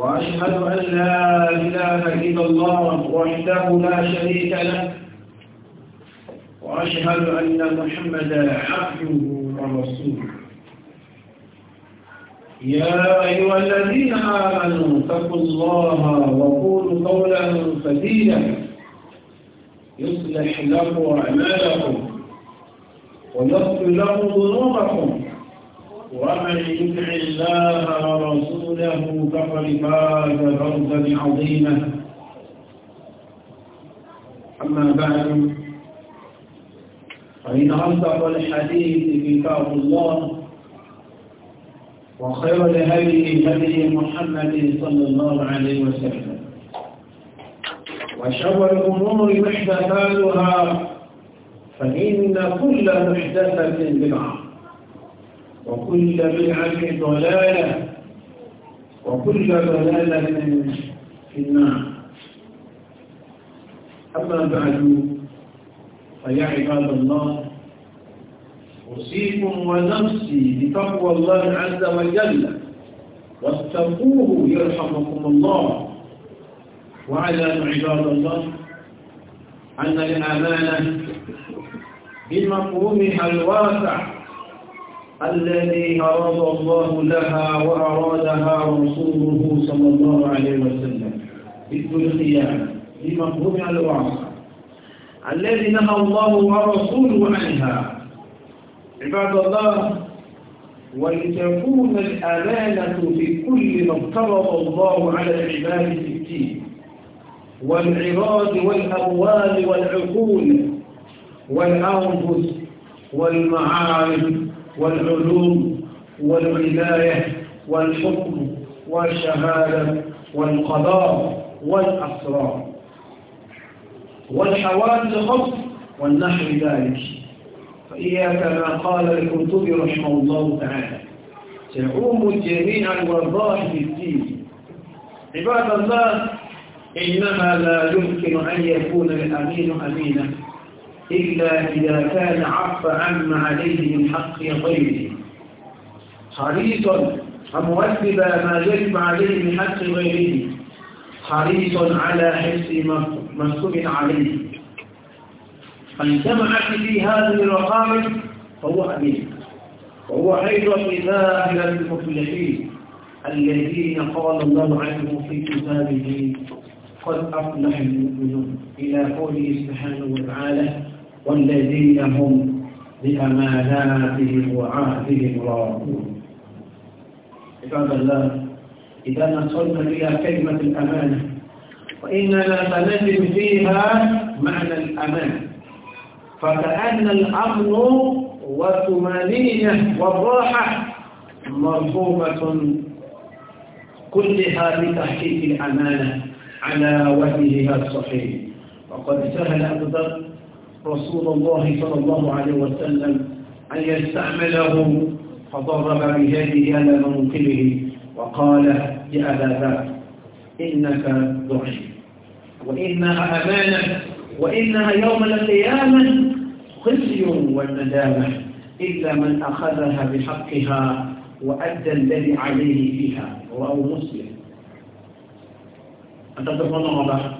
وأشهد أن لا إله إلا الله وحده لا شريك له وأشهد أن محمدا عبده ورسوله يا أيها الذين آمنوا اتقوا الله وقولوا قولا سديدا يصلح لكم أعمالكم ويغفر لكم ذنوبكم ومن يطع الله ورسوله فقد فاز فوزا عظيما أما بعد فإن أصدق الحديث كتاب الله وخير لهذه هدي محمد صلى الله عليه وسلم وشر الأمور محدثاتها فإن كل محدثة بدعة وكل بدعة ضلالة وكل ضلالة في النار أما بعد فيا عباد الله أوصيكم ونفسي بتقوى الله عز وجل واتقوه يرحمكم الله واعلموا عباد الله أن الأمانة بمفهومها الواسع الذي أراد الله لها وأرادها رسوله صلى الله عليه وسلم ضد الخيانة لمفهوم الوعصة الذي نهى الله ورسوله عنها عباد الله ولتكون الأمانة في كل ما افترض الله على العباد في الدين والعراض والأموال والعقول والأنفس والمعارف والعلوم والولاية والحكم والشهادة والقضاء والأسرار والحوادث الخمس والنحو ذلك فإياك ما قال الكتب رحمه الله تعالى تعوم الجميع في الدين عباد الله إنما لا يمكن أن يكون الأمين أمينا إلا إذا كان عف عما عليه من حق غيره حريصا ومؤدبا ما يجب عليه من حق غيره حريص على حفظ منصوب عليه من سمعت في هذه الرقابة فهو أمين وهو أيضا أهل المفلحين الذين قال الله عنهم في كتابه قد أفلح المؤمنون إلى قوله سبحانه وتعالى والذين هم بأماناتهم وعهدهم راضون عباد الله إذا نصلنا إلى كلمة الأمانة وإننا سنجد فيها معنى الأمان فكأن الأمن والطمأنينة والراحة مرغوبة كلها بتحقيق الأمانة على وجهها الصحيح وقد سهل أبو رسول الله صلى الله عليه وسلم أن يستعمله فضرب بيده على منقبه وقال يا أبا ذر إنك ضعيف وإنها أمانة وإنها يوم القيامة خزي والندامة إلا من أخذها بحقها وأدى الذي عليه فيها رواه مسلم أنت تقول الله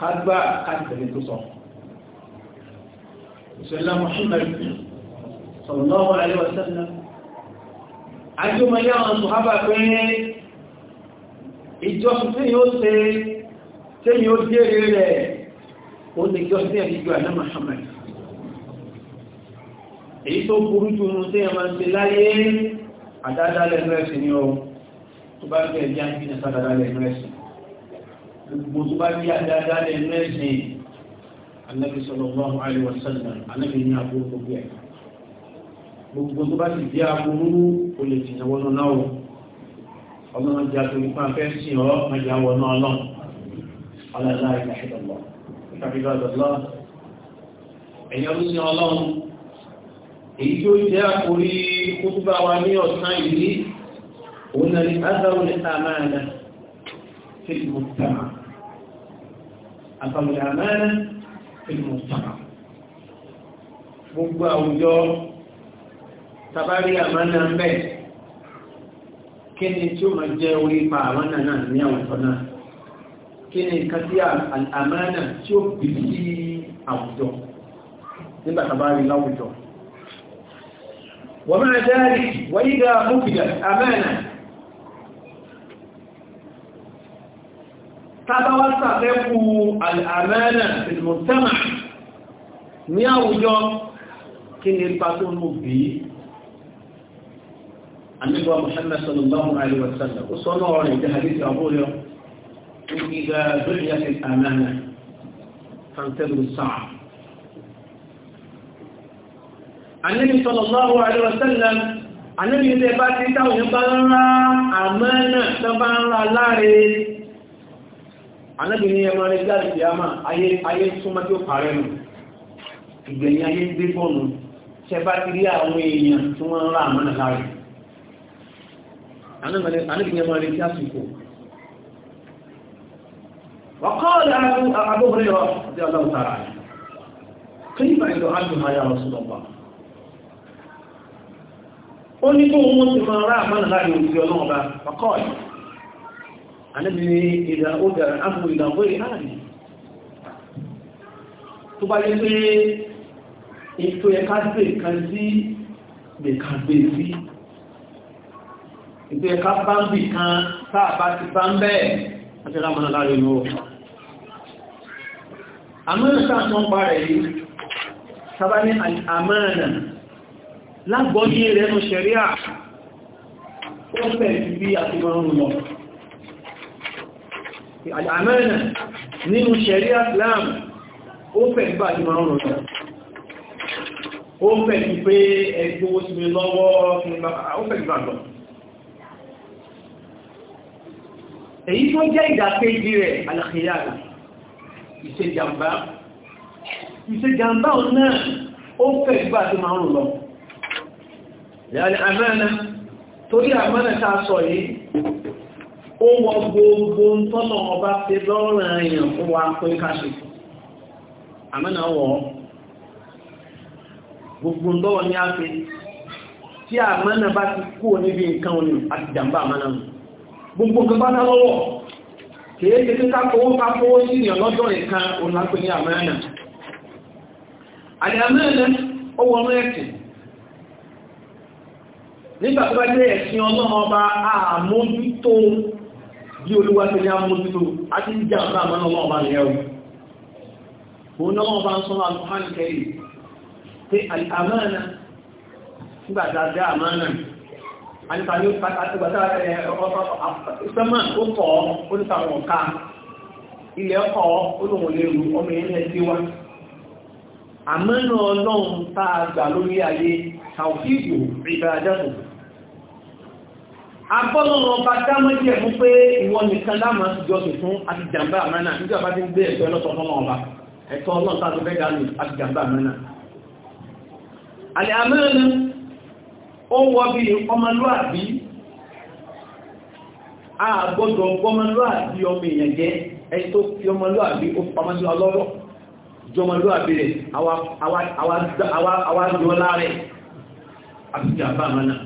kágbá káàkiri tó sọ ìṣẹ̀lá Muhammad sallallahu alaihi wasallam ajúmọ̀lẹ́ àwọn ṣùhábà pé ìjọsùn tí yóò ṣe tí yóò jẹ́rẹ̀ rẹ̀ ó ní ìjọsùn tí ẹ̀rí jù àná Muhammad èyí tó burú jù mú tí ẹmà ṣe láyé gbogbo tó bá yí àdáadáa lẹ mẹ́sìn anabi sallallahu alaihi wasallam anabi ní aburú gbogbo ẹ gbogbo tó bá sì di aburú o lè ti náwó lọ náà o ọlọ́run jẹ́ àtòrí fún afẹ́ sí ọ mẹ́jọ àwọ̀ náà lọ ọlọ́lá ìdáṣẹ́dọ̀lọ́ ìdáṣẹ́dọ̀lọ́ ẹ̀yọ́ ló ní ọlọ́run èyí tó jẹ́ àkórí kútúbà wa ní ọ̀sán yìí òun náà ní ádàrú ní àmáàdà tí mo tàmà àtàwọn ìyàmẹ́rin ìlú mọ̀tàkà gbogbo àwùjọ tabari àmánà ń bẹ̀ kí ni tí ó máa jẹ́ orí pa àmánà náà ní àwùjọ náà kí ni nǹkan tí àmánà tí ó bì sí àwùjọ nígbà tabari láwùjọ wọ́n máa dárí wáyé dáa mú fìdá àmánà tábáwá sàfẹ́kù àmẹ́rẹ̀ ìlmọ̀tẹ́mà ní àwùjọ kí ni ipa tó mú bí annabi muhammad sallallahu alaihi wasallam ó sọ náà rẹ̀ jẹ́ hadith àbúrẹ́ ìgbà dúnyà ti bá ti táwọn bá ń rá àmẹ́rẹ̀ tó bá ń láàrin anábì ní ẹmọ rẹ̀ jáde وقال أبو هريرة رضي الله تعالى عنه كيف يدعمها يا رسول الله ó ní kó ànábì ní ìdá ó dàrà ápù ìdàgbò ìhàrí tó bá yẹ pé ètò ẹ̀ká gbé kan sí gbèkàgbè sí ètò ẹ̀ká bá ń bì kan sáà bá ti bá ń bẹ́ẹ̀ àti rámọ́nà láàrin lọ àmọ́nà tó ń parẹ̀ yìí sábà ní àmọ́nà lágbọ́n yìí rẹ̀ nù ṣẹ̀ríà ó fẹ̀ bí àti mọ́rún lọ àmẹ́nà nínú ṣẹ̀rí Islam ó fẹ̀ nígbà tí máa ń rọ̀ta ó fẹ̀ ní pé ẹgbẹ́ owó sí mi lọ́wọ́ ó fẹ̀ nígbà lọ èyí tó jẹ́ ìdàkejì rẹ̀ alàkìyàrá ìṣèjàmbá ó wọ gbogbo ọba ṣe lọ́rùn èèyàn fún wa pé káṣe àmẹ́nà gbogbo tọ́wọ́ ní á fi tí àmẹ́nà bá ti kú níbi nǹkan òní àti jàmbá àmẹ́nà gbogbo gbogbo lọ́wọ́ kìí ṣe kíká kówó ká sí ìyàn lọ́jọ́ nìkan òlápẹ́ ní àmẹ́nà ẹ̀sìn ọlọ́mọba àmójútó bí olúwa ti ní àmójútó àti ìjà ọ̀tá àmọ́ náà wọ́n bá ní ẹ̀rù òun náà wọ́n bá ń sọ́nà alùpùpù kẹ́rì pé àmánà nígbà tá a dá àmánà àníkà ní àtìgbàtà ìsẹ́mà ó kọ́ ó ní tàwọn ọ̀ka ilẹ̀ ọkọ̀ olóhùn lérò ọmọ ilẹ̀ tí wá àmánà ọlọ́run tá a gbà lórí ayé tàwọn fíìdì ìgbà àjọ́sùn abọ́lọ́rọ̀ ọba dámọ́jẹ̀ fún pé ìwọ nìkan láàmà ti jọ tuntun àti jàmbá àmàna nígbà bá ti ń gbé ẹ̀tọ́ ẹlọ́tọ̀ fọ́nà ọba ẹ̀tọ́ ọlọ́ta tó bẹ́ẹ̀ dánù àti jàmbá àmàna àlẹ́ àmàna ó jọ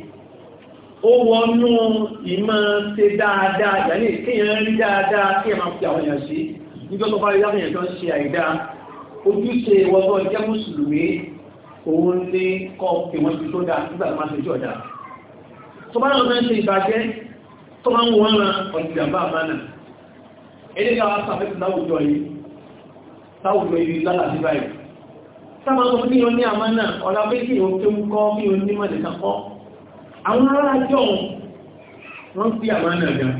ó wọnú ìmọ̀ ṣe dáadáa yàní kéèyàn rí dáadáa kí ẹ máa fi àwọn èèyàn sí nígbà tó bá rí láwọn èèyàn tó ń ṣe àìdá ojúṣe wọ́gbọ́n jẹ́ mùsùlùmí òun ní kọ́ pé wọ́n ti tó dá nígbà tó máa ṣe jọ dá tó bá lọ́wọ́ ṣe ìbàjẹ́ tó máa ń wọ́n ran ọ̀dìjàmbá àmàna ẹni ká wá sàfẹ́sì láwùjọ yìí láwùjọ yìí àwọn ará jọ wọ́n fi àmánà gan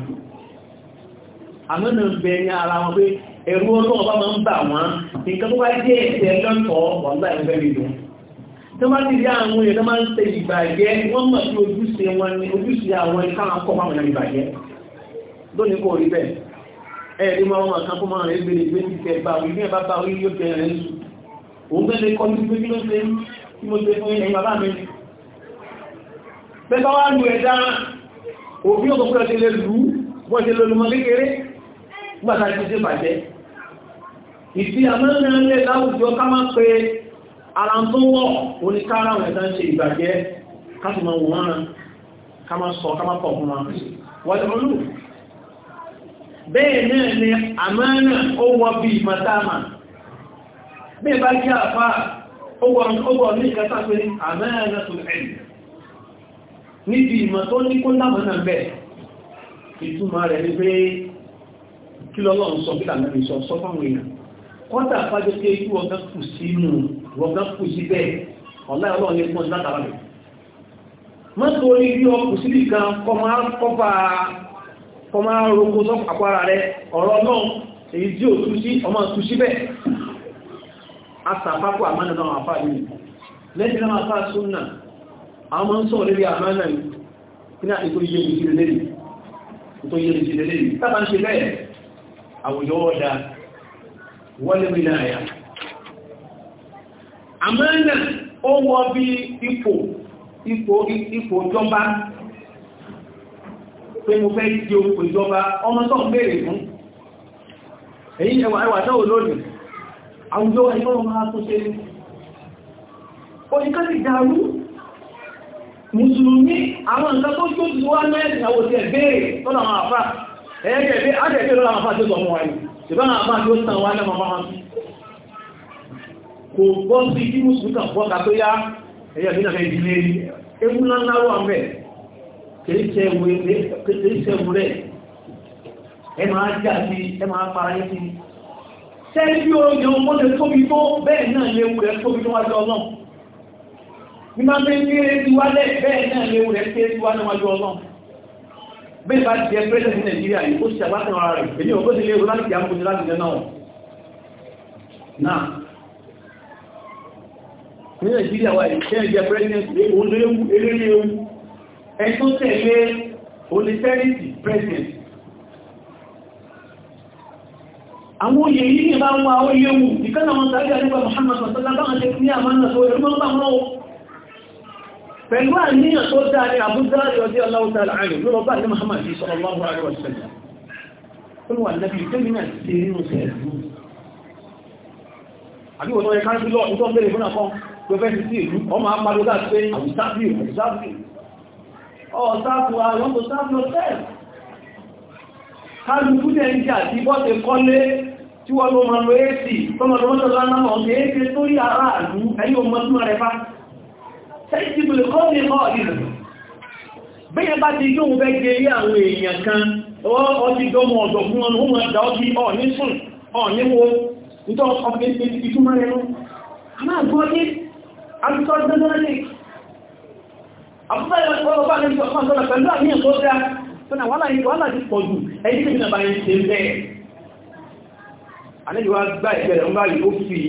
àmánà bẹ ní ara wọn pé ẹ̀rú ọlọ́wọ́ bá máa ń bà wọ́n nǹkan tó wá jẹ́ ẹ̀sẹ̀ lọ́tọ̀ọ́ wọ́n gbà ẹ̀fẹ́ lè dùn tó bá ti rí àwọn èèyàn tó máa ń tẹ ìbàjẹ́ wọ́n mọ̀ sí ojúṣe wọn ni ojúṣe àwọn káwọn kọ́ máa wọn ìbàjẹ́ lónìí kò rí bẹ́ẹ̀ ẹ̀ẹ́dí máa wọn kan kó máa rẹ̀ gbèrè gbé ti tẹ bá wí ní ẹ̀bá bá wí yóò bẹ̀rẹ̀ ń sùn òun bẹ́ẹ̀ lè pẹ́ta wá lù ẹ̀dá òbí ọkùnkùn ti lè lù wọ́n ti lè lùmọ́ kékeré gbàtà ti ṣe bàjẹ́ ìfì àmọ́rinlẹ̀ láwùjọ ká máa pé ara tó wọ́ oníkára ẹ̀dá ń ṣe ìbàjẹ́ kásìmọ̀ wọ́n ká máa sọ ká máa pọ̀ fún wọn wọ́n bẹ́ẹ̀ náà ni àmọ́nà ó wọ́ bí ìmọ̀tàmà bẹ́ẹ̀ bá jẹ́ àfá ó wọ́ ní ìkẹta pé àmọ́nà tó ẹ̀yìn níbi ìmọ̀ tó ní kó lámọ́nà bẹ̀ ìtumọ̀ rẹ̀ ní pé kí lọ́lọ́ ń sọ kílà mẹ́rin sọ sọ fáwọn èèyàn kọ́tà fájọ́ pé ikú ọgá kù sínú ọgá kù sí bẹ́ẹ̀ ọ̀lá ọlọ́run ní pọ́n látara rẹ̀ mọ́tò orí bí ọkù sí nìkan kọ máa roko sọ àpárá rẹ̀ ọ̀rọ̀ náà èyí tí ò tú sí ọmọ tú sí bẹ́ẹ̀ asàpapọ̀ àmánà náà àfáà yìí lẹ́yìn náà àfáà súnnà àwọn ń sọ̀rọ̀ lórí àmánà ní ní àti torí yẹ́ ìṣẹ́ lẹ́lẹ́ tó yẹ́ ìṣẹ́ lẹ́lẹ́ tàbí ṣe bẹ́ẹ̀ àwùjọ ọ̀dá wọ́lé wíláyà àmánà ó wọ́ bí ipò ipò ipò jọba pé mo fẹ́ di òkú ìjọba ọmọ tó ń bèèrè fún èyí ẹwà ẹwà náà lónìí àwùjọ ẹgbẹ́ ọmọ mùsùlùmí àwọn nǹkan tó tó ti wá mẹ́rin àwọn òṣèlú béèrè tọ́lá àwọn àfà ẹ̀ẹ́gẹ̀ bí àjẹ́gẹ́ lọ́la àwọn àfà tó tọ̀mù wáyé ṣùgbọ́n àwọn àfà tó tàn wá lẹ́mọ̀ máa ń kò bọ́ sí kí mùsùlùmí kan bọ́ ka tó yá ẹ̀yà bí nàfẹ́ ìdílé ewu ńláńlá wà ń bẹ̀ kìí ṣẹ́wu rẹ̀ ẹ máa jà sí ẹ máa fara yín sí sẹ́yìn bí ó yẹ ọmọdé tóbi tó bẹ́ẹ̀ náà léwu rẹ̀ tóbi tó wájú ọlọ́run ní máa bẹ́ ní eré ti wálẹ̀ bẹ́ẹ̀ náà léwu rẹ̀ ṣe ti wá níwájú ọlọ́run bẹ́ẹ̀ bá jẹ́ pẹ́lẹ̀ sí nàìjíríà yìí ó ṣe àgbátàn ara rẹ̀ èyí ò gbọ́dọ̀ léwu láti jẹ́ àkóso láti jẹ́ náà náà ní nàìjíríà wáyé ṣe ẹ̀jẹ̀ pẹ́lẹ́sì òun lé eré léwu ẹ̀ tó tẹ̀lé olùsẹ́rìtì pẹ́lẹ́sì àwọn oyè yìí ní bá ń wá oyè wù ìkánná wọn tàbí àdúgbà Muhammad sọ̀tọ́lá bá ń ṣe ní àmà náà tó pẹ̀lú àníyàn tó dáa ní àbúdá yọdí aláwọ̀tàlá àrùn ló lọ bá ní Muhammad sallallahu alaihi wasallam ó ní wà náà bí tẹ́mínà ti rí oṣù ẹ̀dù àbí wọ́n yẹ káńsí lọ ìtọ́ bẹ̀rẹ̀ fún àkọ́ tó fẹ́ sí ìlú ọmọ apàdó láti pé àwùsáfì àwùsáfì ọ̀sáfù àwọn tó sáfì ọ̀sẹ̀ ah, kálukú jẹ́ ń jà tí bọ́ọ̀tẹ̀ kọ́lé tí wọ́n lọ mọ̀ lọ èsì tọ́mọ̀lọ́mọ́tọ̀ lánàá tẹ́jì bìlì kọ́ ní mọ́ ìrìn bẹ́yẹ bá ti yóò fẹ́ gẹ̀rí àwọn èèyàn kan ọdí gọmọ ọ̀dọ̀ fún ọmọ ohun ẹ̀dà ọdí ọ̀ní sùn ọ̀ní wo nítọ́ ìtumọ̀ rẹ̀ Àníjúwá gbá ìgbẹ̀rẹ̀ ń bá yìí ó fi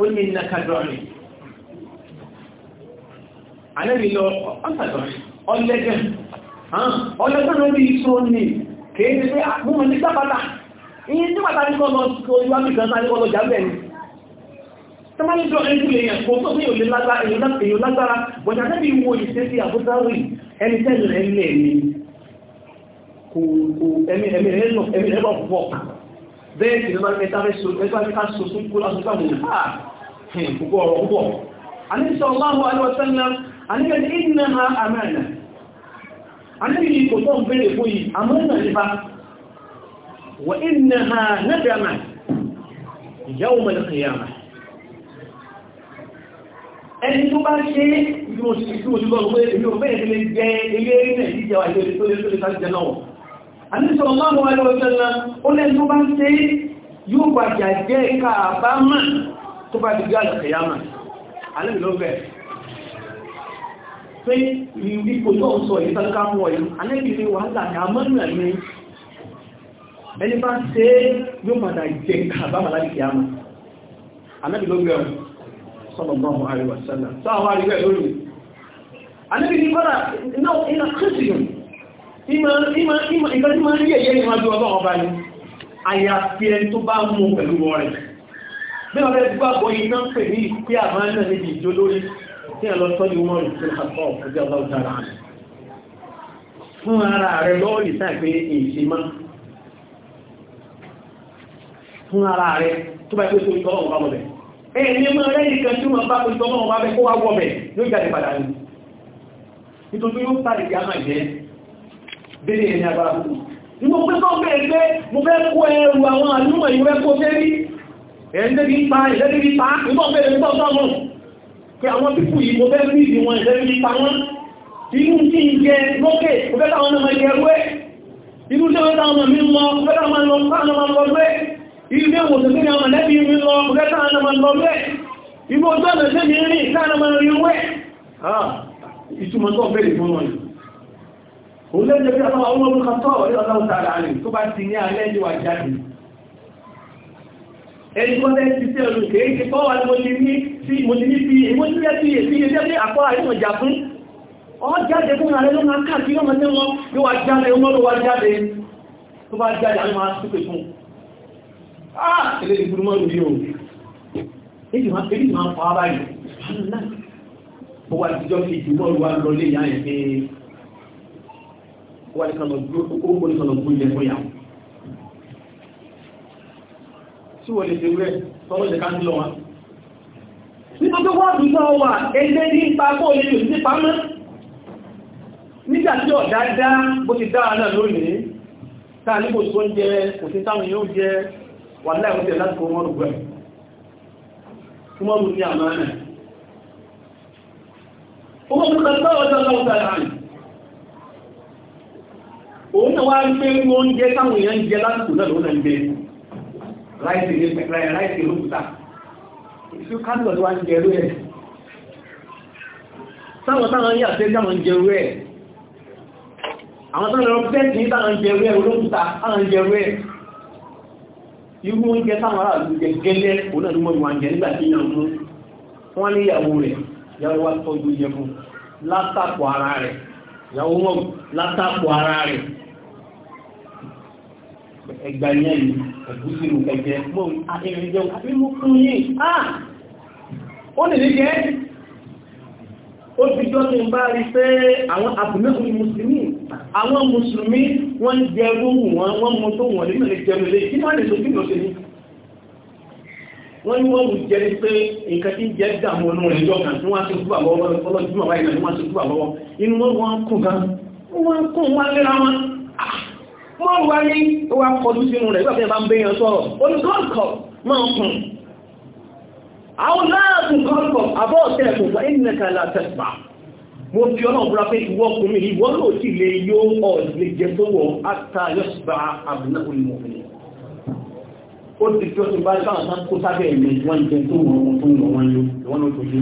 ó ní ìnàkàdọ̀ rìn alẹ́bí lọ ọlẹ́gẹ̀ ọlẹ́gẹ̀ ló bí ìṣó ní kéèké pé múmọ̀ ní sábàtà ìyí tí bàtà ní kọ́lọ̀ tó yíwá bí kan sáré kọ́lọ̀ jábẹ̀ ni tẹ́mọ́lẹ́ jọ ẹjú èèyàn kò tó ní òlè lágbára bọ̀dá tẹ́bí wo ìṣẹ́sí àbúdáwì ẹni tẹ́lẹ̀ ẹni ẹni kò ẹmí ẹmí ẹmí ẹlọ́ pọ̀ bẹ́ẹ̀ sì lọ́wọ́ ẹta fẹ́ so ẹgbẹ́ ká so fún kó lásán sáwọn ọ̀rọ̀ ah, púpọ̀ àníbẹ̀ ní iná ha àmẹ́nà àníbẹ̀ yìí kò tó ń bèèrè fún yìí àmẹ́nà nípa wà iná ha nẹ́bẹ̀mà ìyàwó mẹ́lẹ̀kìyàmà ẹni tó bá ṣe yóò gbàjà jẹ́ káàbámà tó bá dìgbà àjọ̀kẹ̀yàmà pé ipò náà sọ èyí tán ká mọ́ ìlú anẹ́bìnrin wàhálà ní amọ́nà ní ẹni bá ṣe yóò padà jẹ àbámà láti kí á mọ́ anẹ́bì ló gbẹ̀rún sallallahu alaihi wasallam sáwọn àríwẹ̀ lórí anẹ́bìnrin kọ́dà náà iná kírísìyàn ìgbẹ́ni máa rí ẹ̀yẹ́ ìwájú ọlọ́run ọba ni àyàfi ẹni tó bá mú pẹ̀lú wọ́n rẹ̀ bí wọ́n bẹ́ẹ̀ bá gbọ́ iná pè ní ìpé àmọ́ náà níbi ìjó lórí tí ẹ lọ sọ́dí wọn rí sí àpọ̀ ọ̀pọ̀jọ́ ọlọ́ọ̀dá ara rẹ̀ fún ara rẹ̀ lọ́ọ̀lì sáì pé èsì má fún ara rẹ̀ tó bá ìpèsè ìtọ́ ọ̀wọ̀ bábọ̀bẹ̀ ẹ̀ẹ̀ni mọ́ lẹ́yìn kan tí wọ́n bá pèsè ọmọ wọn bá kó wá wọ́bẹ̀ yóò jáde padà ní nítorí ó pàdé kí a máa jẹ́ délé ẹni agbára púpù ni mo pẹ́ sọ́ọ́ bẹ́ẹ̀ pé mo fẹ́ kó ẹrù àwọn àlúmọ̀ ìwé kó fẹ́ rí ẹ̀ẹ́dẹ́bí pa ẹ̀ẹ́dẹ́bí pa ìbọn bẹ́ẹ̀ ní sọ́ọ́ pé àwọn pípù yìí mo fẹ́ rí ìdí wọn ìfẹ́ rí pamọ́ inú tí ń jẹ lókè mo fẹ́ táwọn ọmọ ìjẹ rú ẹ̀ inú tí wọ́n táwọn ọmọ mi lọ mo fẹ́ táwọn ọmọ lọ rú ẹ̀ inú tí wọ́n tẹ̀sí àwọn ẹlẹ́bí mi lọ mo fẹ́ táwọn ọmọ lọ inú ojú ọ̀nà ẹni tó lẹ́ ti tẹ́ ọdún kèé ti kọ́wà ní mo ti ní sí mo ti ní fi èmo ti lẹ́bí èsì ilé bí àkọ́ àìmọ̀ jà fún ọ jáde fún ààrẹ lọ́nà káàkiri ọmọ tí wọ́n yóò wá jáde wọ́n ló wá jáde tó bá jáde àwọn máa súpè fún ah ilé ìgbúrú mọ́ lórí o èyí máa fi máa fọ́ abáyé ó wá ìjọ fi jù mọ́ lọ́wọ́ lọ lé ìyá ẹ̀ pé ó wá ní kan lọ gbó ilẹ̀ fún ìyàwó tí wọ́n lè ṣe rẹ̀ tọ́lọ́ jẹ́ ká ń lọ wọn. nítorí wọ́ọ̀dù náà wà ẹgbẹ́ ní ipa kó lè lò sí pamọ́ nígbà tí ọ̀dá dáadáa bó ti dára náà lónìí táà ní tó ń jẹ kò táwọn yóò jẹ wà láì láti láìsí ní pẹ̀lẹ́ láìsí olókùta ìṣú káàkiri wá ń jẹrú ẹ̀ sáwọn táwọn yà tẹ́ táwọn jẹrú ẹ̀ àwọn táwọn lọ ní táwọn jẹrú ẹ̀ olókùta táwọn jẹrú ẹ̀ irú oúnjẹ táwọn aráàlú jẹ gẹ́lẹ́ òun ẹgbà yẹn yìí ẹ̀gúsí ló kẹjẹ mọ́ ẹ̀rìn jẹun àbí mú fún yìí ah ó lè jẹ́ ó ti jọ́ ní bá rí pé àwọn àbùmẹ́kùn mùsùlùmí àwọn mùsùlùmí wọ́n jẹ lóhùn wọn wọ́n mú tó wọ̀n nínú ìjẹun lè kí wọ́n lè sojú lọ́sẹ̀ ní wọ́n ní wọ́n wù jẹ́ ní pé nǹkan tí ń jẹ́ dààmú ọ̀nà rẹ̀ mọ́ọ̀lù wáyé ó wá kọjú sínú rẹ̀ nígbàtí ẹ̀bá ń bẹ́ yẹn sọ́rọ̀ olùkọ́ọ̀kọ̀ máa kùn àwọn láàtún kọ́ọ̀kọ̀ àbọ́ ọ̀tẹ́ ẹ̀kùn fún ẹ̀nìyàn látẹ̀pà mo fi ọlọ́run búra pé ìwọ ọkùnrin ìwọ ló sì lè yó ọ̀ lè jẹ tó wọ ata yọsùbà àbúlá olùmọ̀fẹ́ ó ti fi ọtún bá káwọn sá kó sábẹ́ ẹ̀mí wọ́n jẹ tó wọ wọn tó wọ wọn yó ìwọ ló tó yé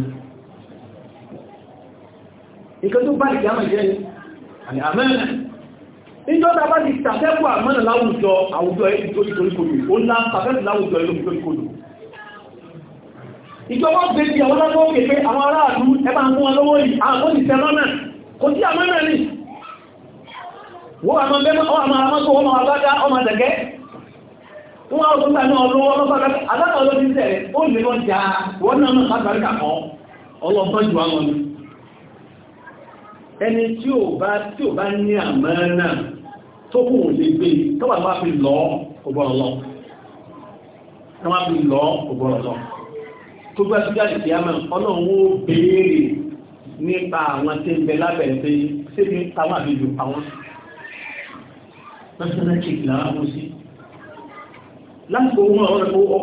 nǹkan tó bá ìjà máa jẹ́ ni àmì àmẹ́rin níjọ́ta bá ti tàbẹ́kù àmọ́nà láwùjọ àwùjọ ẹni tó ní koríkodò ó ńlá tàbẹ́kù láwùjọ ẹni tó ní koríkodò ìjọba gbé ti àwọn lábọ́ òkè pé àwọn aráàlú ẹbá ń fún wọn lọ́wọ́ yìí àwọn òṣìṣẹ́ lọ́nà kò sí àmọ́nà ní wọ́n àmọ́ mẹ́mọ́ ọmọ àmọ́sọ ọmọ àbájá ọmọ àdẹ̀gẹ́ wọ́n á ọdún tàbí ọlọ́wọ́ ọlọ́pàá adákọ̀ọ́lọ́ ti tẹ̀lé ó lè lọ jà wọ́n náà mọ́ ẹni tí ò bá tí ò bá ní àmánà tó kùn lè gbé tọ́wà wá fi lọ ọgbọ̀rọ̀ lọ tọ́wà fi lọ ọgbọ̀rọ̀ lọ tó gbá sí jáde kìí àmà ọlọ́run ó béèrè nípa àwọn tí ń bẹ lábẹ̀rẹ̀ pé ṣé ní táwọn àbíjò àwọn national cake lára mú sí lásìkò wọn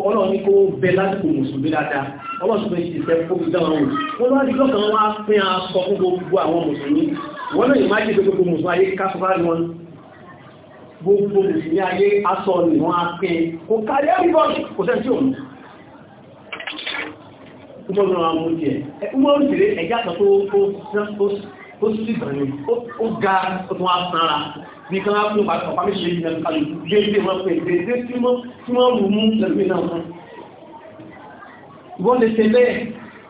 ọlọ́run ní kó bẹ lásìkò mùsùlùmí dáadáa ọwọ́ ṣùgbọ́n ti fẹ́ kó fi dáwọn wọn wọ́n lọ́dí lọ́kàn wá pín aṣọ fún gbogbo àwọn mùsùlùmí wọ́n náà yìí má jẹ́ gbogbo mùsùlùmí ayé káfífà wọn gbogbo mùsùlùmí ayé aṣọ ni wọ́n á pín kò kárí everybody kò sẹ́ sí ó ga wọ́n lè ṣe bẹ́ẹ̀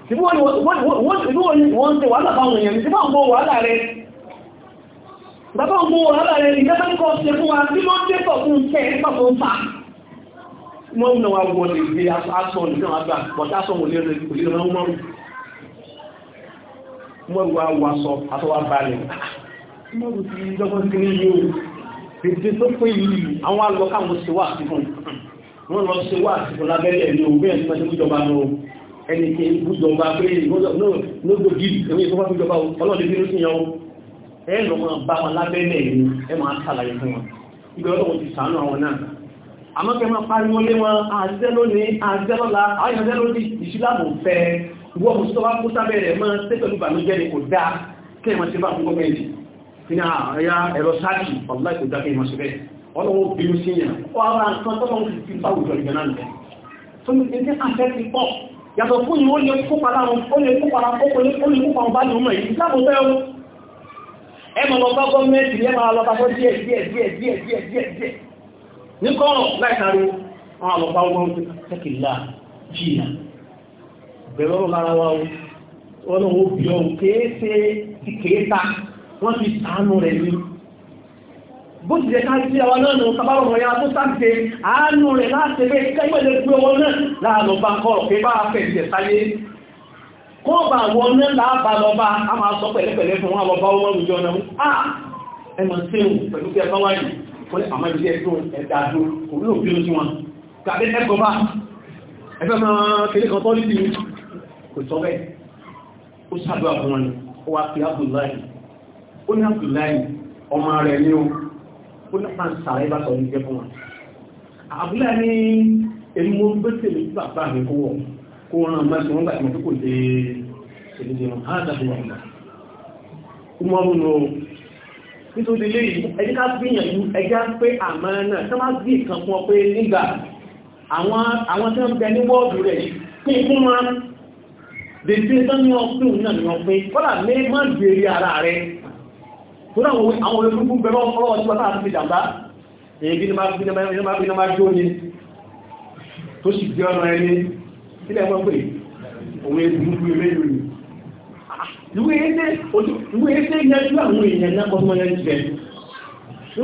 tí wọ́n tẹ wàhálà báwọn èèyàn tí wọ́n mọ́ wàhálà rẹ̀ bàbá mọ́ wàhálà rẹ̀ ìgbẹ́sẹ́kọ́ ṣe fún wa tí wọ́n tẹ́ tọ̀ fún kẹ́ pàtàkì pa mọ́ ní wa wọ́n lè gbé aṣọ nìkan àgbà pọ̀tá sọ wọ́n lè rẹ̀ mọ́rù wọ́n lọ ṣe wá àsìkò lábẹ́lẹ̀ ní òun bẹ́ẹ̀ tí wọ́n ti gbújọba lọ ẹni tí gbújọba pé lóògbòdì ẹ̀wọ̀n ìfọ́fà gbújọba ọlọ́dẹ bí ó sì yan ẹ lọ máa bá wọn lábẹ́lẹ̀ ní ẹ máa ṣàlàyé fún wọn ibẹ̀ ọlọ́wọ́ ti sàánú àwọn náà àmọ́ kẹ máa pariwo lé wọn àṣẹ lónìí àṣẹ lọ́la àṣẹ lónìí ìṣúlámù fẹ́ wọ́n mú sọ́wọ́ kó sábẹ́rẹ̀ máa tẹ́ pẹ̀lú bàmíjẹ́ ni kò dáa kẹ́ ìmọ̀ sí bá fún gọ́ọ̀mẹ́ntì ọlọ́wọ́ bínú sí yàn a ara nǹkan tó lọ́wọ́ fi bá òjò ìgbẹ̀ náà nìyẹn tó ní ẹgbẹ́ afẹ́ ti pọ̀ yàtọ̀ fún ìwọ́n lè kópa láwọn ó lè kópa láwọn ó lè kópa ọba o ẹ mọ̀ lọ bá gọ́ọ̀mẹ́ntì yẹn máa lọ bá fọ́ díẹ̀ díẹ̀ díẹ̀ díẹ̀ díẹ̀ díẹ̀ díẹ̀ ní kọ́rọ̀ láìsàrí àwọn àlọ́pàá ọgbọ́n tó tẹ́kìlá jìnà bẹ̀rọ lára wa ọlọ́wọ́ bí ọ kéése ti kééta wọ́n ti sàánú rẹ̀ ní bó ti jẹ́ káàkiri sí àwọn náà sábàrọ̀ wọn ya tó sáàkiri àánú rẹ̀ láti pé kẹ́gbẹ̀lẹ̀ gbé wọn náà láàrín bá kọ́ pé bá fẹ́ ìjẹ̀ sáyé kó bá wọn náà láàbà lọ bá a máa sọ pẹ̀lẹ́pẹ̀lẹ́ fún wọn bá wọn rújọ náà a ah, ẹmọ̀ sẹ́wù pẹ̀lú kí ẹ bá wáyé fún àmọ́ ìdílé tó ẹ̀dá tó kò ní òbí lójú wọn tàbí ẹgbọ́ bá ẹgbẹ́ máa kéré kan tọ́lí sí kò sọ bẹ́ẹ̀ ó ṣàdúrà fún wọn ó wá pé Abdullahi ọmọ rẹ̀ ní ó ní pàǹ sàrà ibà sọ oúnjẹ fún wa àbúlá ní èmi mo gbé tèmi tí bàbá mi kó wọ kó ràn má sí wọn gbà tí mo fi kò dé èmi dè wọn á dàbí wọn náà kó mọ́ wọn lọ nítorí lè ẹjí ká gbìyànjú ẹjá pé àmọ́ náà tí wọ́n gbé ìkan fún ọ pé nígbà àwọn tí wọ́n bẹ ní wọ́ọ̀dù rẹ̀ pé fún wọn dèjì tán ní ọkùnrin náà ni wọ́n pé kọ́là lè má gbèrè ara rẹ̀ kódà àwọn olóògbé bẹ̀rọ ọlọ́wọ́ tí wọ́n náà ti dàmbá èyí ni máa jó ní tó sì gbé ọ̀nà ẹni sílẹ̀ mọ́ pé òun èdè mú ìwé ìròyìn ìwé ẹgbẹ́ yẹjú àwọn èèyàn náà kọ́ jẹ́ nínú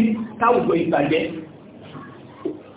ní lọ gbàgbẹ́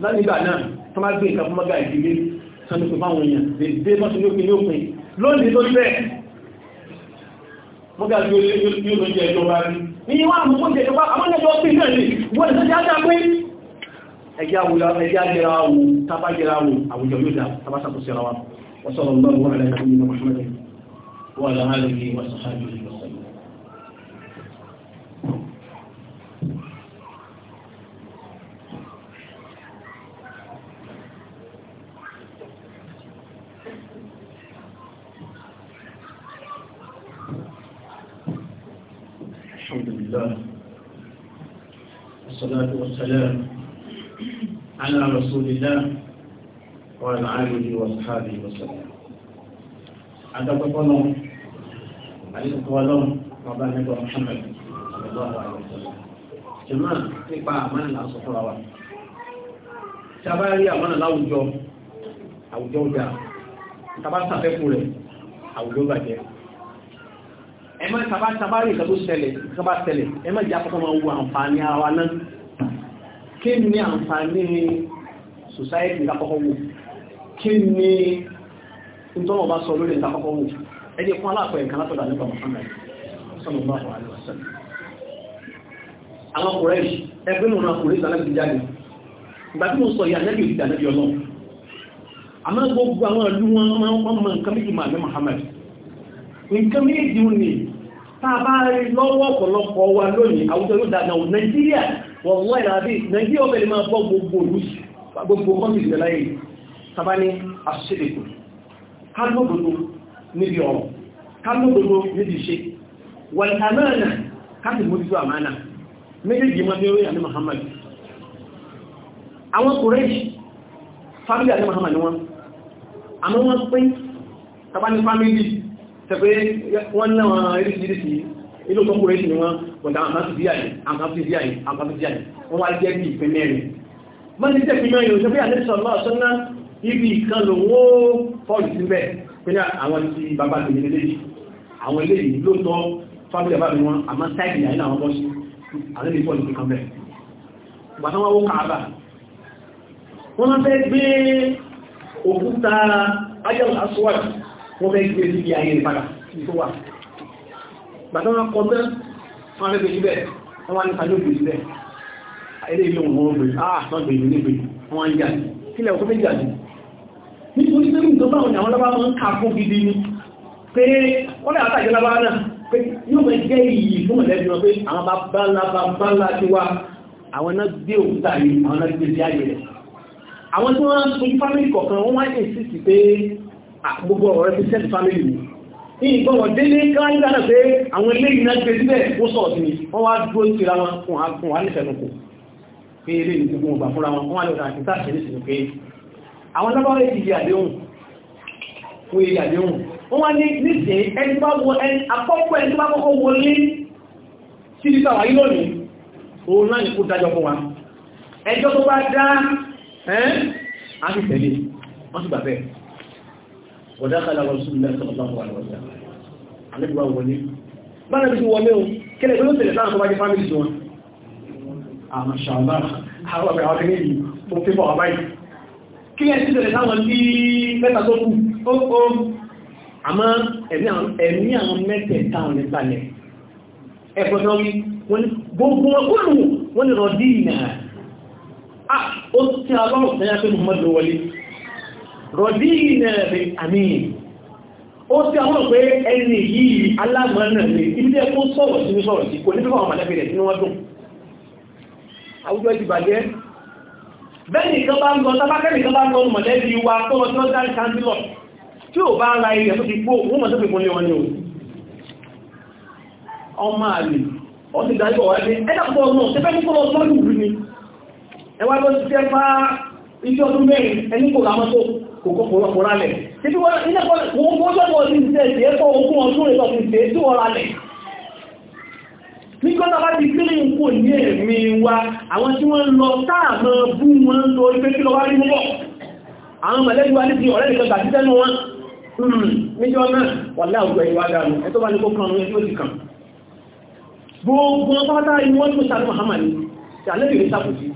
nígbà náà tó má gbé ìkà mọ́gá ìdílé sanúkù fáwọn èèyàn dé mọ́sí ní òpin ní òpin lónìí tó bẹ́ẹ̀ mọ́gá tí ó lé yóò lọ ẹjọ́ bá rí ní wọ́n àmúkó jẹ ẹjọ́ bá amọ́lẹ́jọ́ pín náà ní wọ́n ti sọ́jà dá pé ẹjẹ́ àwùjọ رسول الله وعلى آله وصحبه وسلم أدب قولهم عليك قولهم bàbá nígbà Muhammad sallallahu alaihi wasallam jùmọ́ nípa àmánà lásán fúnra wa tí a bá rí àmánà láwùjọ àwùjọ ọjà tàbá sàfẹ́kù rẹ̀ àwùjọ bàjẹ́ ẹ má tàbá tàbá rí ìkàtó ṣẹlẹ̀ tàbá ṣẹlẹ̀ ẹ má jẹ́ akọ́kọ́ máa wo àǹfààní ara wa náà kí ni àǹfààní society lápapọ̀ wò kí ni ìtọ́nà bá sọ lórí ìtàpapọ̀ wò ẹjẹ́ fún aláàpọ̀ ẹ̀kan látọ̀dà nípa Muhammad sallallahu alaihi wasallam àwọn kòrẹ́ ẹgbẹ́ mọ̀ náà kòrẹ́ ìsànà ti jáde ìgbà tí mo sọ ìyà nẹ́bí ìdí ànẹ́bí ọlọ́run àmọ́ gbogbo àwọn ìlú wọn máa Muhammad nǹkan méjì ni tá a bá rí lọ́wọ́ ọ̀pọ̀lọpọ̀ wa lónìí àwùjọ yóò dáadáa Nàìjíríà wọ̀n wọ́n ìlàbí Nàìjíríà ọ̀bẹ̀lẹ̀ máa bọ́ gbogbo olùsùn gbogbo kọ́sì ìṣẹ̀lá yìí sábá ní àṣìṣẹ́lẹ̀kù kálódodo níbi ọ̀rọ̀ kálódodo níbi iṣẹ́ wàlìkàmẹ́rẹ̀nà káàkiri mójútó àmánà méjèèjì máa bí orí àmì Muhammad àwọn kòrèjì fámílì àmì Muhammad wọn àmọ́ wọ́n pé sábá ní fámílì tẹ́pẹ́ wọ́n náà eréṣìíríṣìí ilé ọkọ̀ kòrèjì ni wọ́n wọ̀dà àmásí bíyà yìí àmásí bíyà yìí wọ́n wá jẹ́ bí ìpínlẹ̀ rẹ̀ mọ́tí tẹ̀fì mọ́ ìròyìn tó bí àdéṣọ́ ibi ìkan lòun ó fọ́ọ̀lù síbẹ̀ pé àwọn ti bàbá tèmi lè léyìí àwọn eléyìí ló tọ́ fábílẹ̀ bá mi wọn àmọ́ táìdì àìlà àwọn bọ́sí àwọn ilé fọ́ọ̀lù kíkan bẹ̀ gbàtán wọn wọ́n máa fẹ́ gbé òkúta ajẹ́lù aswad wọ́n fẹ́ gbé sí ayé ìpadà tó wà gbàtán wọn kọ́ tán wọ́n fẹ́ gbé síbẹ̀ wọ́n wá ní ilé ilé òun ah, wọ́n gbé àtọ́gbé ìlú nígbè wọ́n ń jàdì kílẹ̀ ọkọ́ méjì àdì nítorí pé nǹkan báwọn ni àwọn lábáwọn ń kà fún gidi ni pé wọ́n lè àtàjẹ́ lábáwọn náà pé yóò mẹ́ jẹ́ iyì fún mọ̀lẹ́bí wọn pé àwọn bàbá ńlá bàbá ńlá ti wá àwọn náà gbé òkúta yìí àwọn náà gbé sí ayé rẹ̀ àwọn tí wọ́n ń fámìlì kọ̀ọ̀kan wọ́n wá èsì sí pé gbogbo ọ̀rọ̀ rẹ̀ fi sẹ́ẹ̀dì fámìlì mi ìgbọ́wọ̀ délé káàkiri pé àwọn ilé ìrìnàjò síbẹ̀ ó sọ̀tí wọ́n wá dúró síra wọn fún ànífẹ̀ẹ́nukù pé ilé ìlú gbogbo ọgbà fúnra wọn wọ́n lọ́dà àti sáàṣì nísìnyí pé àwọn lọ́bàwẹ́ ti yà déhùn fún ilé yà déhùn wọ́n wá ní nísìnyí ẹni bá wọ ẹni àkọ́kọ́ ẹni bá kọ́kọ́ wọlé sí ibi táwà yìí lónìí òun náà ní kó dájọ́ fún wa ẹjọ́ tó bá dá ẹ́ á sì tẹ̀lé wọ́n sì gbà bẹ́ẹ̀ wọ̀dákàlà wọn sùn lẹ́sọ̀ ọlọ́pàá wọn wọlé bára bí wọlé o kí àwọn ṣàmbá àwọn ọ̀pẹ̀ àwọn ilé yìí tó fi bọ̀ àbáyì kí ẹ̀ sí tẹ̀lẹ̀ sáwọn ní mẹ́ta tó kù ó ó àmọ́ ẹ̀mí àwọn mẹ́tẹ̀ẹ̀ta wọn ní balẹ̀ ẹ̀kọ́ tó rí gbogbo ọkùnrin wọn ni rọ̀dí ìnà ó ti alọ́rọ̀ tẹ́yà pé Muhammadu wọlé rọ̀dí ìnà rẹ̀ àmín ó ti àwọn pé ẹni yìí alágbọ̀n náà lè ilé ẹkún sọ̀rọ̀ sí sọ̀rọ̀ sí kò ní fífọ́ àwọn màlẹ́fẹ̀ẹ́ sí ni wọ́n dùn àwùjọ ti bàjẹ́ bẹ́ẹ̀ni ìkan bá ń lọ tábákẹ́lì ìkan bá ń lọ mọ̀lẹ́bí wa tó lọ tó dárí káńsílọ̀ tí ò bá ra ilẹ̀ tó ti pó wọ́n mọ̀ tó fi fún ní wọn ni o ọmọ àlè wọ́n ti dárí ọ̀wá dé ẹ́dàpọ̀ ọmọ tó fẹ́ ní kọ́ lọ́sọ́ lùrù ni ẹwà lọ sí ẹfà iṣẹ́ ọdún mẹ́rin ẹni kò rà mọ́tò kò kọ́kọ́ rọ̀ rálẹ̀ nígbọ́ta bá ti kílé ìpò ní ẹ̀mí wa àwọn tí wọ́n lọ táàmà bú wọn lọ ipé kí lọ wá rí mọ́ àwọn mọ̀lẹ́bí wa ní ti ọ̀rẹ́ ìjọba ti tẹ́nu wọn hmm, níjọ náà wà láàrùn ẹ̀yíwá dáadọ́ ẹ̀ tó bá ní kó kan ní ojú kan gbogbo pátá inú wọ́n tó sáré Muhammadu tí alẹ́bí rí sáfùsí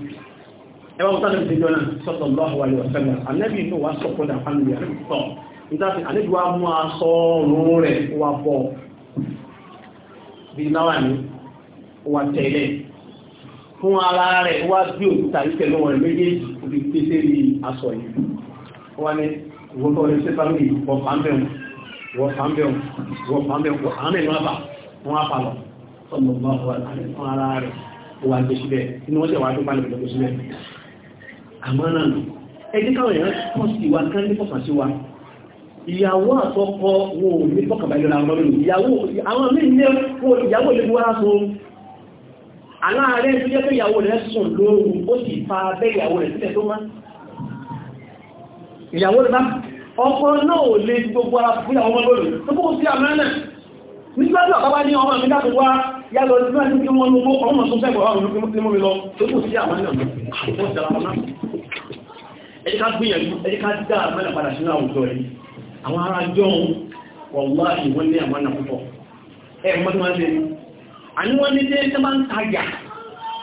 ẹwà wọ́n sáré ìjọ náà sọ́tọ̀ lọ́wọ́ alẹ́ ọ̀sẹ́lẹ̀ alẹ́bí inú wa sọ́kọ́dà fánilì àríkọ́ nítorí alẹ́bí wa mú aṣọ ọ̀rùn rẹ̀ wà bọ̀ bí náwà ní wà tẹ̀lẹ̀ fún ara rẹ̀ wá bí òkúta ìtẹ̀ lọ́wọ́ rẹ̀ méjèèjì òbí pété rí aṣọ yìí wọ́n ní wọ́n tọ́ lẹ́sẹ̀ fámìlì wọ́n fàmbẹ̀wọ̀n wọ́n fàmbẹ̀wọ̀n wọ́n fàmbẹ̀wọ̀n wọ́n fàmbẹ̀wọ̀n wọ́n fàmbẹ̀wọ̀n wọ́n fàmbẹ̀wọ̀n ìyàwó àtọ́kọ́ wọn ò ní fọ́kàbà ìlú àwọn ọmọ ìlú ìyàwó ilé ìyàwó ilé wọ́n aṣọ aláàárẹ̀ tó jẹ́ pé ìyàwó rẹ̀ sùn lóru ó sì fa abẹ́ ìyàwó rẹ̀ sílẹ̀ tó má ìyàwó rẹ̀ bá ọkọ náà ò lè gbogbo ara fún ìyàwó ọmọ lórí tó kó sí àmì náà nígbà tí ọ̀pá bá ní ọmọ mi dákùn wá yá lọ sí láti kí wọ́n lówó ọmọ tó fẹ́ bọ̀rọ̀ mi kí mú ní àní wọ́n ní tẹ́ tẹ́ bá ń tajà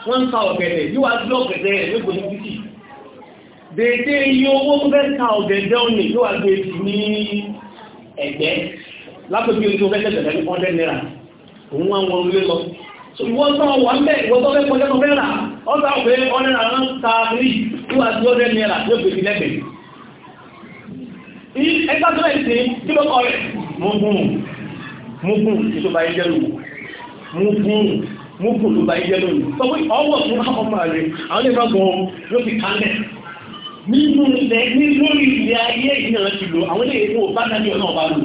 wọ́n ń ta ọ̀gẹ̀dẹ̀ yíwá sí ọ̀gẹ̀dẹ̀ rẹ̀ lóko ní títì dèédé iye owó tó fẹ́ ta ọ̀gẹ̀dẹ̀ òní yíwá gbé sí ní ẹ̀gbẹ́ lápẹ̀bí ojú ọ̀gẹ̀ tẹ̀lẹ̀ ní ọ̀dẹ̀ náírà òun wá wọn lé lọ ìwọ́n tó wà ń bẹ̀ ìwọ́n tó fẹ́ kọjá tó fẹ́ rà ọ̀dà pé ọ̀dẹ̀ náírà ń ta rí yíwá sí ọ̀dẹ̀ náírà yóò gbé sí lẹ́gbẹ̀ẹ́ ẹgbẹ́ tó lẹ́sìn kí ló kọ rẹ̀ mú gùn mú gùn ìṣòba ẹgbẹ́ múkùn múkùn ló bá yẹ lónìí sọ pé ọwọ́ tó bá ọmọ rẹ̀ àwọn ìfẹ́ gan ló fi kalẹ̀ nínú ilẹ̀ ní lórí ilẹ̀ ayé ìyàn ti lò àwọn ilé ìwò bá dání ọ̀nà ọba lò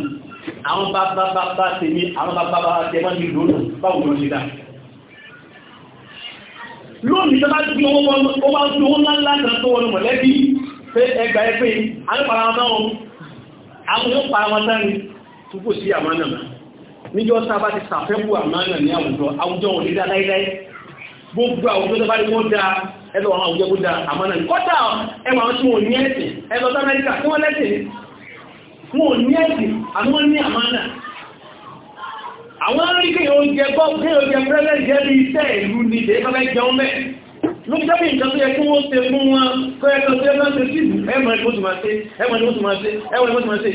àwọn bàbá bàbá tèmi àwọn bàbá bàbá tẹ wọ́n ti lò lò báwo ló ṣe dá lónìí tó bá gbé owó ńlá ńlá kan tó wọnú mọ̀lẹ́bí pé ẹgbà ẹgbẹ́ àwọn ìpàràwọn náà àwọn yóò pàràwọn sáré túbò sí àwọn náà níjọ́ tá a bá ti sàfẹ́kù àmàlà ní àwùjọ àwùjọ wọn ní dáadáa gbogbo àwùjọ tó bá rí wọ́n dáa ẹlọ àwọn àwùjọ tó dáa àmàlà ní kọ́tà ẹwà tí wọ́n ní ẹ̀sìn ẹlọ sí amẹ́ríkà tí wọ́n lẹ́sìn wọ́n ní ẹ̀sìn àmọ́ ní àmàlà àwọn arígbé oúnjẹ bọ́ pé oúnjẹ pẹ́lẹ́ jẹ́ bí iṣẹ́ ìlú ní ìdè ẹgbẹ́ jẹun mẹ́ ló jẹ́ bí nǹkan tó yẹ kí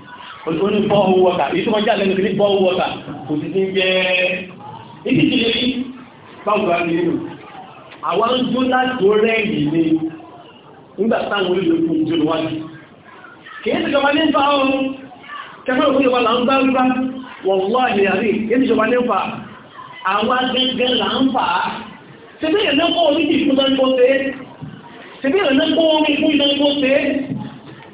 oní bọ́ọ̀hù wọ́ta èyí tó máa já lẹ́nu kìí bọ́ọ̀hù wọ́ta kò sí sí jẹ́ ibi tí lè rí báwọn bá ní nínú àwọn ń dún láti rẹ́yìn ni nígbà táwọn olóòlù kò jù lọ kìí sì jọba ní fa ọrùn kẹfẹ́ òfin ìwà là ń bá rúbá wọ̀wọ́ àyè àrí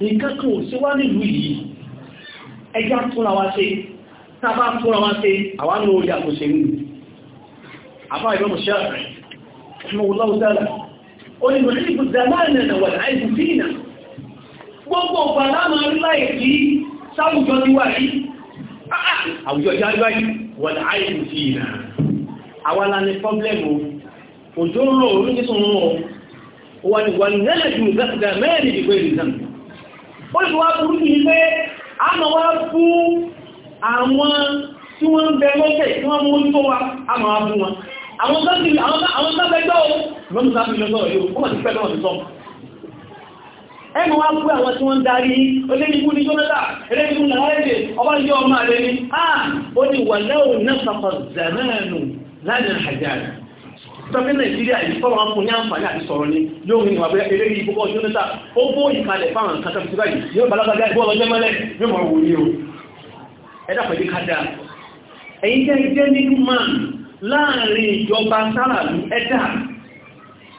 nǹkan kan ò sí wá nílùú yìí ẹjá túnra wá sí tàbá túnra wá sí àwọn ní orí àkóṣe nínú àbá ìbọn ṣẹ́rẹ̀ ọmọlọ́wọ́dára ó ní mọ̀lẹ́bù zàmánà nà wà láìsù fínà gbogbo pàdánà láìsí sáwùjọ ti wà yìí ah, ah, àwùjọ jágbá yìí ó lè wá burú jù ní pé a mọ̀ wá fún àwọn tí wọ́n ń bẹ lọ́tẹ̀ tí wọ́n mú tó wa a mọ̀ wá fún wọn àwọn sábẹ́gbẹ́ o lọ́nà sábẹ́ lọ́sọ̀rọ̀ yóò kọ́mọ̀ ti pẹ́ lọ́wọ́ ti sọ ẹnu wá pé àwọn tí wọ́n darí olóyìnbó ní jọ́nàtà ẹlẹ́gbẹ̀rún làárẹ̀dẹ̀ ọba yọ ọmọ rẹ̀ ní àà ah! ó ní tọ́pẹ́ nàìjíríà yìí fọ́wọ́ wọn fún ní àǹfààní àti sọ̀rọ̀ ni yóò rìn wà bẹ́ẹ̀ eléyìí púpọ̀ jónítà ó bó ìkalẹ̀ fáwọn nǹkan tó ti báyìí yóò balágbádá ìbú ọlọ́jẹ́ mọ́lẹ̀ yóò mọ̀ wò ní o ẹ̀dá pẹ̀lú kádà ẹ̀yin jẹ́ jẹ́ nínú máa láàrin ìjọba sáràlú ẹ̀dá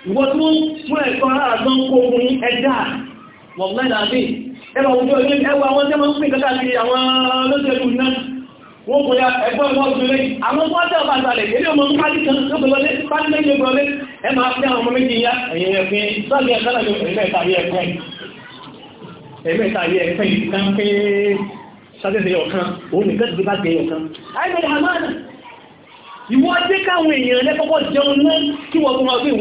ìwọ tó fún ẹ̀kọ́ aláàtọ́ ń kó ogun ẹ̀dá wọ̀n mẹ́ta bí ẹwà wọn jẹ́ wọn pè kátà sí àwọn olóṣèlú náà wọ́n kò ya ẹgbọ́n ẹgbọ́n ọdún àwọn ọmọ ọdún ọba àgbàlẹ̀ ilé ọmọ pálí kan ẹ máa fi àwọn ọmọ méjì ya ẹ̀yìn ẹ̀fin sọ́ọ̀lì ẹ̀kọ́lá ní ẹ̀mẹ́ta ẹ̀fẹ́ ẹ̀mẹ́ta ẹ̀fẹ́ ìkan pé sátẹ́sẹ̀ ọ̀kan òun nìkan ti bá gbé ọ̀kan àìbẹ̀rẹ̀ àmánà ìwọ ajé káwọn èèyàn lẹ́kọ́kọ́ jẹun náà kí wọ́n fún ọdún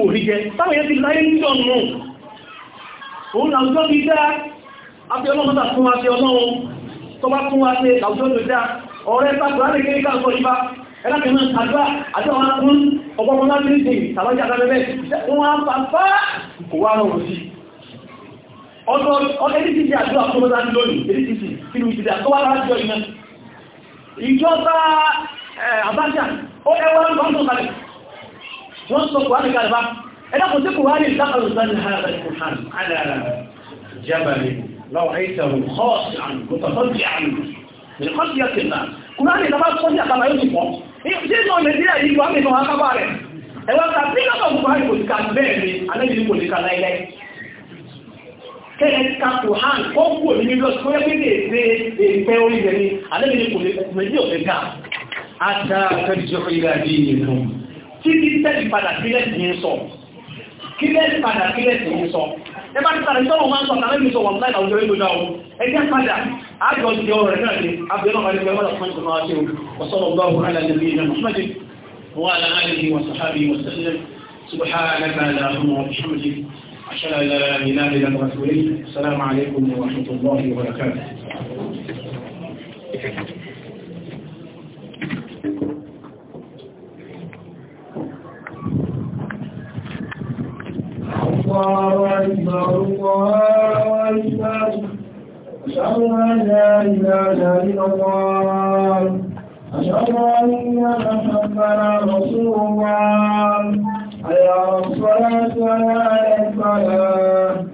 ìwòrí jẹ ọ̀rẹ́ sáàkùnrin ní kíríkà sọ ìbá ẹlákẹ̀mọ́ àgbà àti àwọn akún ọgbọ́gbọ́n láti ní ìsìn tàbájá lábẹ́bẹ́ wọ́n á pàpá kò wá rọrùn sí ọdọ́ ẹdítìsì àjọ àkọ́lọ́dá lónìí ẹdítìsì kí ni ìsìlẹ̀ àkọ́wà lájọ iná ìjọba àbájá ó ẹwà ń gbọ́n tó kalẹ̀ wọ́n sọ kò wá ní kalẹ̀ bá ẹlẹ́kùn tí kò wá ní ìkọ́sí ẹ̀sẹ̀ náà kúránì lọ́pàá sọ́jà kàlà yóò ti pọ̀ ṣé náà nàìjíríà yìí wà mí náà kábà rẹ̀ ẹ̀wọ́ ta bí lọ́pàá kúránì kò ti ka bẹ́ẹ̀ ni alẹ́bí kò ti ka láìláì kẹ́lẹ̀ ká kò hàn kó kú òní lọ sí kóyẹ́ pínlẹ̀ èdè ìpẹ́ orí rẹ̀ ni alẹ́bí kò lè méjì òfin ká ata kẹjọ ìlà bí nínú tí kí tẹ́lì padà sílẹ̀ sí ń sọ kí tẹ́lì padà sílẹ̀ sí ń sọ ẹ bá ti padà sọ́wọ́n máa ń sọ kàlẹ́bí sọ wọ̀n láì àwùjọ ìlú náà ẹjẹ́ padà عدوا الجوار الثاني عبد الله عليه وسلم من قراءته وصلى الله على نبينا محمد وعلى آله وصحبه وسلم سبحانك اللهم وبحمدك أشهد أن لا إله إلا أنت أستغفرك السلام عليكم ورحمة الله وبركاته الله أكبر الله أكبر أشهد أن لا إله إلا الله أشهد أن محمدا رسول الله حي على الصلاة وعلى الفلاح